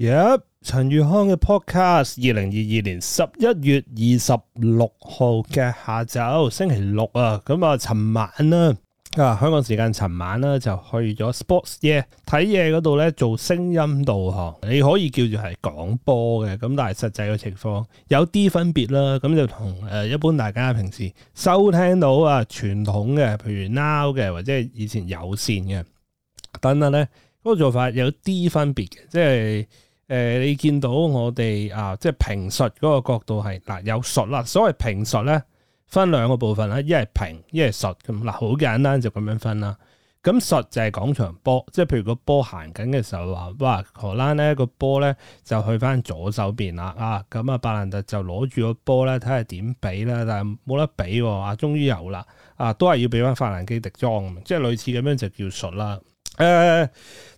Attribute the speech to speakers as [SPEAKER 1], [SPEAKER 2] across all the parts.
[SPEAKER 1] Yep，陳宇康嘅 podcast，二零二二年十一月二十六號嘅下晝，星期六啊，咁啊，尋晚啦，啊，香港時間尋晚啦，就去咗 Sports 嘢睇嘢嗰度咧，做聲音導航，你可以叫做係講波嘅，咁但係實際嘅情況有啲分別啦，咁就同誒一般大家平時收聽到啊傳統嘅，譬如 Now 嘅或者係以前有線嘅等等咧，嗰、那個做法有啲分別嘅，即係。誒、呃，你見到我哋啊，即係評述嗰個角度係嗱、啊，有述啦。所謂評述咧，分兩個部分啦，一係評，一係述咁嗱。好、啊、簡單就咁樣分啦。咁、啊、述就係講場波，即係譬如個波行緊嘅時候話，哇荷蘭咧個波咧就去翻左手邊啦啊。咁啊，伯蘭特就攞住個波咧，睇下點比啦，但係冇得比喎、哦、啊。終於有啦啊，都係要俾翻法蘭基迪莊咁，即係類似咁樣就叫述啦。誒、呃，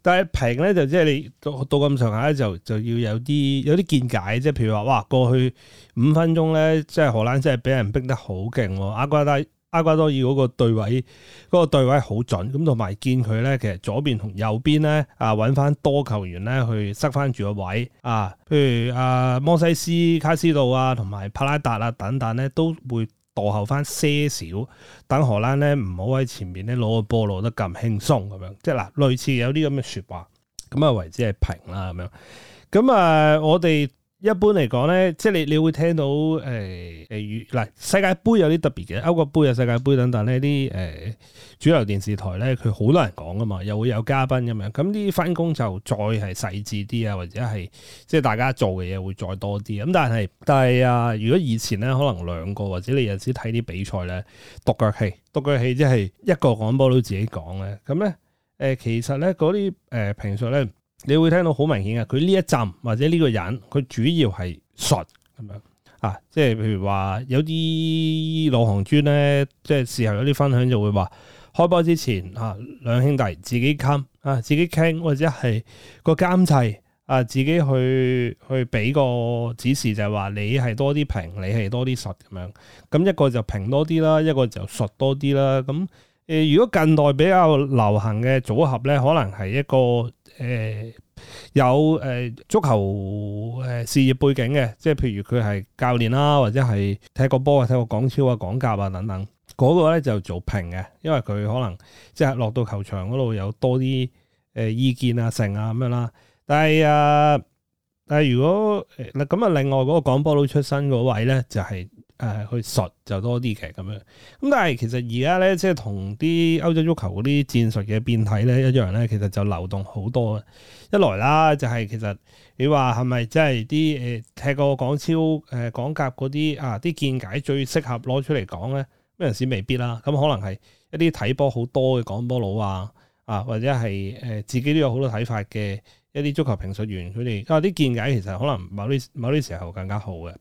[SPEAKER 1] 但係評咧就即係你到到咁上下咧就就要有啲有啲見解，即係譬如話，哇，過去五分鐘咧，即係荷蘭真係俾人逼得好勁喎，阿瓜阿瓜多爾嗰個對位嗰個對位好準，咁同埋見佢咧，其實左邊同右邊咧啊揾翻多球員咧去塞翻住個位啊，譬如啊摩西斯卡斯道啊，同埋帕拉達啦等等咧都會。落後翻些少，等荷蘭咧唔好喺前面咧攞個波攞得咁輕鬆咁樣，即係嗱，類似有啲咁嘅說話，咁啊為之係平啦咁樣，咁啊我哋。一般嚟講咧，即係你你會聽到誒誒，嗱世界盃有啲特別嘅歐國盃啊、世界盃等等呢啲、呃、主流電視台咧，佢好多人講噶嘛，又會有嘉賓咁樣，咁啲翻工就再係細緻啲啊，或者係即係大家做嘅嘢會再多啲咁，但係但係啊，如果以前咧可能兩個或者你有時睇啲比賽咧獨腳戲，獨腳戲即係一個講波佬自己講咧，咁咧、呃、其實咧嗰啲誒評述咧。你會聽到好明顯嘅，佢呢一站或者呢個人，佢主要係述咁樣啊，即係譬如話有啲老行專咧，即係事後有啲分享就會話開波之前啊，兩兄弟自己噏啊，自己傾或者係個監製啊，自己去去俾個指示就係、是、話你係多啲評，你係多啲述咁樣，咁一個就評多啲啦，一個就述多啲啦，咁。誒，如果近代比較流行嘅組合咧，可能係一個誒、呃、有誒、呃、足球誒、呃、事業背景嘅，即係譬如佢係教練啦，或者係踢過波啊、睇過廣超啊、廣甲啊等等，嗰、那個咧就做評嘅，因為佢可能即係落到球場嗰度有多啲誒、呃、意見啊、成啊咁樣啦。但係啊，但係如果嗱咁啊，另外嗰個廣波佬出身嗰位咧，就係、是。誒、啊、去術就多啲嘅咁樣，咁但係其實而家咧，即係同啲歐洲足球嗰啲戰術嘅變體咧一樣咧，其實就流動好多嘅。一來啦，就係其實你話係咪即係啲誒踢過港超誒港甲嗰啲啊啲見解最適合攞出嚟講咧？有陣時未必啦、啊，咁可能係一啲睇波好多嘅講波佬啊啊，或者係誒自己都有好多睇法嘅一啲足球評述員，佢哋啊啲見解其實可能某啲某啲時候更加好嘅。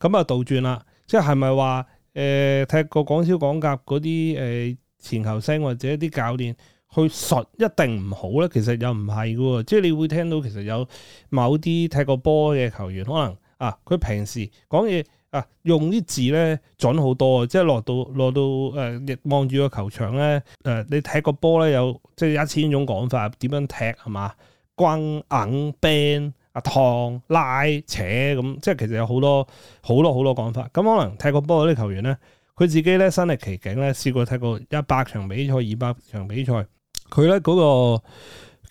[SPEAKER 1] 咁啊倒轉啦～即係咪話誒踢過廣超廣甲嗰啲誒前球星或者啲教練去述一定唔好咧？其實又唔係嘅喎，即係你會聽到其實有某啲踢過波嘅球員可能啊，佢平時講嘢啊用啲字咧準好多啊，多即係落到落到誒望住個球場咧、呃、你踢個波咧有即係一千種講法，點樣踢係嘛？軍硬鞭。Ben，啊，趟拉扯咁，即係其實有好多好多好多講法。咁可能踢過波嗰啲球員咧，佢自己咧身歷其境咧，試過踢過一百場比賽、二百場比賽，佢咧嗰個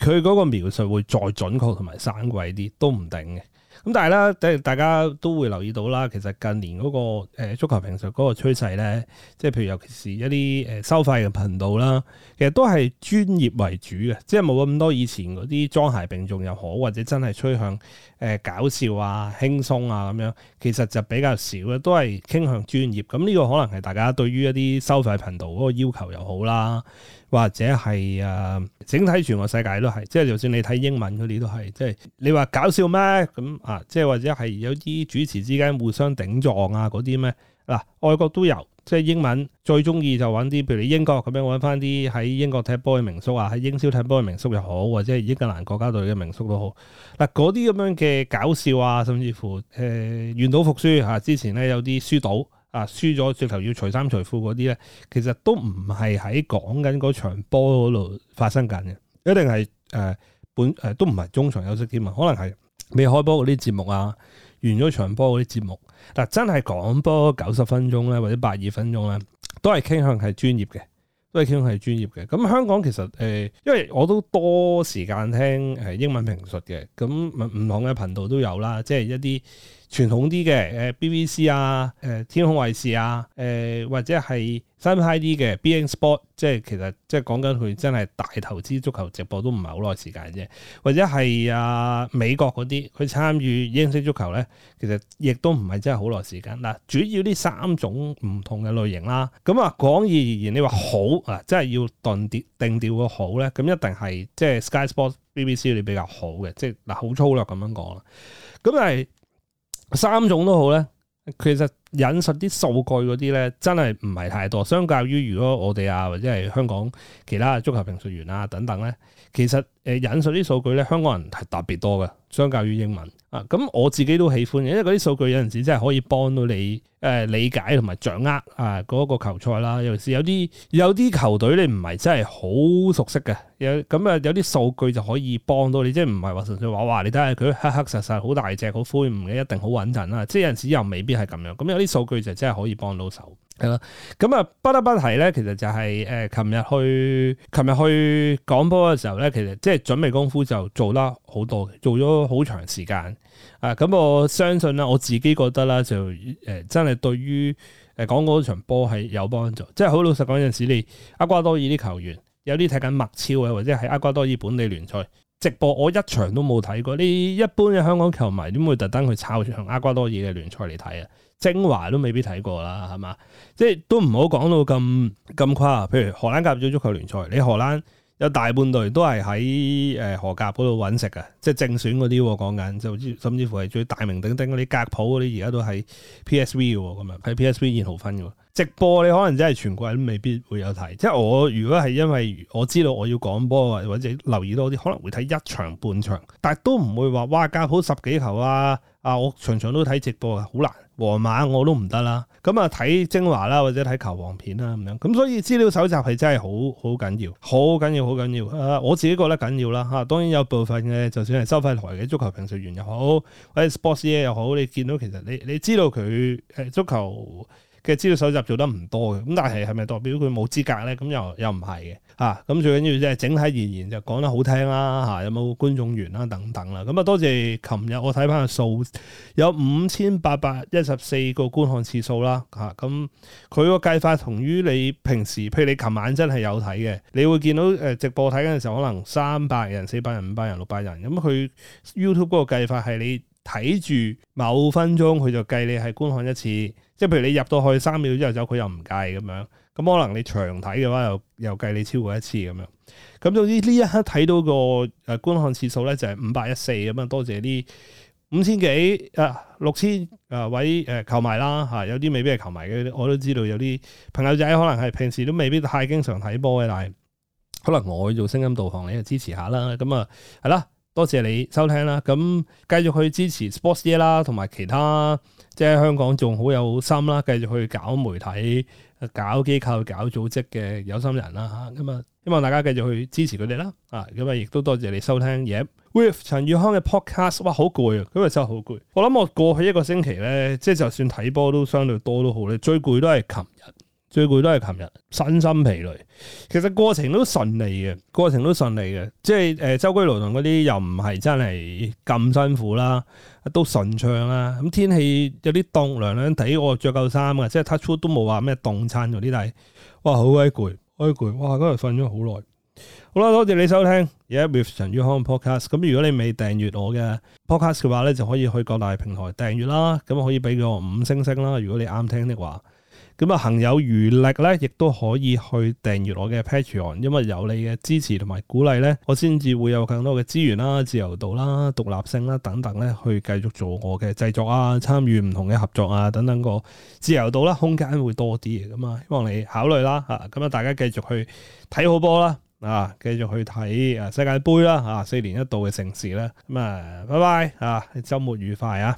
[SPEAKER 1] 佢嗰個描述會再準確同埋生鬼啲，都唔定嘅。咁但係咧，即係大家都會留意到啦。其實近年嗰個足球評述嗰個趨勢咧，即係譬如尤其是一啲收費嘅頻道啦，其實都係專業為主嘅，即係冇咁多以前嗰啲裝鞋並重又好，或者真係趨向誒搞笑啊、輕鬆啊咁樣，其實就比較少嘅，都係傾向專業。咁呢個可能係大家對於一啲收費頻道嗰個要求又好啦，或者係整體全個世界都係，即係就算你睇英文嗰啲都係，即係你話搞笑咩咁？啊，即係或者係有啲主持之間互相頂撞啊，嗰啲咩嗱，外國都有，即係英文最中意就揾啲，譬如你英國咁樣揾翻啲喺英國踢波嘅名宿啊，喺英超踢波嘅名宿又好，或者係英格蘭國家隊嘅名宿都好，嗱嗰啲咁樣嘅搞笑啊，甚至乎誒願賭服輸嚇，之前咧有啲輸到啊，輸咗直頭要除衫除褲嗰啲咧，其實都唔係喺講緊嗰場波嗰度發生緊嘅，一定係誒、呃、本、呃、都唔係中場休息添啊，可能係。未開波嗰啲節目啊，完咗場波嗰啲節目，但真係講波九十分鐘咧，或者八二分鐘咧，都係傾向係專業嘅，都係傾向係專業嘅。咁香港其實誒、呃，因為我都多時間聽誒英文評述嘅，咁唔唔同嘅頻道都有啦，即係一啲。傳統啲嘅，B B C 啊，天空衞視啊，呃、或者係新派啲嘅 beIN Sport，即係其實即係講緊佢真係大投資足球直播都唔係好耐時間啫，或者係啊美國嗰啲佢參與英式足球咧，其實亦都唔係真係好耐時間。嗱，主要呢三種唔同嘅類型啦，咁啊廣義而言，你話好啊，即係要定定調個好咧，咁一定係即係 Sky Sport、B B C 你比較好嘅，即係嗱好粗略咁樣講啦，咁係。三種都好咧，其實。引述啲數據嗰啲咧，真係唔係太多。相較於如果我哋啊，或者係香港其他足球評述員啊等等咧，其實誒引述啲數據咧，香港人係特別多嘅。相較於英文啊，咁我自己都喜歡嘅，因為嗰啲數據有陣時真係可以幫到你誒、呃、理解同埋掌握啊嗰、嗰個球賽啦。尤其是有啲有啲球隊你唔係真係好熟悉嘅，有咁啊有啲數據就可以幫到你，即係唔係話純粹話哇你睇下佢黑黑實實好大隻好灰唔嘅一定好穩陣啦。即係有陣時又未必係咁樣。咁有啲數據就真係可以幫到手，係啦吧。咁啊，不得不一提呢，其實就係、是、誒，琴、呃、日去琴日去講波嘅時候呢，其實即係準備功夫就做得好多嘅，做咗好長時間啊。咁我相信呢，我自己覺得啦，就誒、呃、真係對於誒講嗰場波係有幫助。即係好老實講，有陣時你阿瓜多爾啲球員，有啲睇緊麥超啊，或者喺阿瓜多爾本地聯賽。直播我一場都冇睇過，你一般嘅香港球迷點會特登去抄場厄瓜多爾嘅聯賽嚟睇啊？精華都未必睇過啦，係嘛？即係都唔好講到咁咁誇。譬如荷蘭甲組足球聯賽，你荷蘭有大半隊都係喺誒荷甲嗰度揾食嘅，即係正選嗰啲講緊，就之甚至乎係最大名鼎鼎嗰啲格普嗰啲，而家都係 PSV 嘅，咁啊，喺 PSV 二毫分嘅。直播你可能真係全國人都未必會有睇，即係我如果係因為我知道我要講波或者留意多啲，可能會睇一場半場，但係都唔會話哇加好十幾球啊，啊我場場都睇直播啊，好難。皇馬我都唔得啦，咁啊睇精華啦或者睇球王片啦咁樣，咁所以資料搜集係真係好好緊要，好緊要，好緊要。誒，我自己覺得緊要啦，吓、啊，當然有部分嘅就算係收費台嘅足球評述員又好，或者 sports 嘢又好，你見到其實你你知道佢誒足球。嘅資料搜集做得唔多嘅，咁但係係咪代表佢冇資格咧？咁又又唔係嘅，嚇！咁最緊要即係整體而言就講得好聽啦，有冇觀眾緣啦等等啦，咁啊多謝！琴日我睇翻個數，有五千八百一十四個觀看次數啦，嚇、啊！咁佢個計法同於你平時，譬如你琴晚真係有睇嘅，你會見到直播睇緊嘅時候，可能三百人、四百人、五百人、六百人咁，佢、啊、YouTube 嗰個計法係你。睇住某分鐘，佢就計你係觀看一次，即係譬如你入到去三秒之後走，佢又唔計咁樣。咁可能你長睇嘅話又，又又計你超過一次咁樣。咁總之呢一刻睇到個誒觀看次數咧，就係五百一四咁啊！多謝啲五千幾啊六千啊位誒球迷啦嚇，有啲未必係球迷嘅，我都知道有啲朋友仔可能係平時都未必太經常睇波嘅，但係可能我去做聲音導航，你就支持下啦。咁、嗯、啊，係、嗯、啦。多謝你收聽啦，咁繼續去支持 Sports 嘢啦，同埋其他即係香港仲好有心啦，繼續去搞媒體、搞機構、搞組織嘅有心人啦吓，咁啊希望大家繼續去支持佢哋啦，啊咁啊亦都多謝你收聽嘢。Yeah. With 陳宇康嘅 Podcast，哇好攰啊，今日真係好攰。我諗我過去一個星期咧，即係就算睇波都相對多都好咧，最攰都係琴日。最攰都係琴日，身心疲累。其實過程都順利嘅，過程都順利嘅，即係誒舟車勞頓嗰啲又唔係真係咁辛苦啦，都順暢啦。咁天氣有啲凍涼涼地，我着夠衫嘅，即係 touch wood 都冇話咩凍餐咗啲，但係哇好鬼攰，好攰哇，嗰日瞓咗好耐。好啦，多謝你收聽，而、yeah, 家 with 陳宇康 podcast。咁如果你未訂閱我嘅 podcast 嘅話咧，就可以去各大平台訂閱啦。咁可以俾個五星星啦，如果你啱聽嘅話。咁啊，行有餘力咧，亦都可以去訂閱我嘅 Patreon，因為有你嘅支持同埋鼓勵咧，我先至會有更多嘅資源啦、自由度啦、獨立性啦等等咧，去繼續做我嘅製作啊、參與唔同嘅合作啊等等個自由度啦，空間會多啲咁啊，希望你考慮啦嚇，咁啊，大家繼續去睇好波啦啊，繼續去睇啊世界盃啦嚇，四年一度嘅盛事啦咁啊，拜拜啊，周末愉快啊！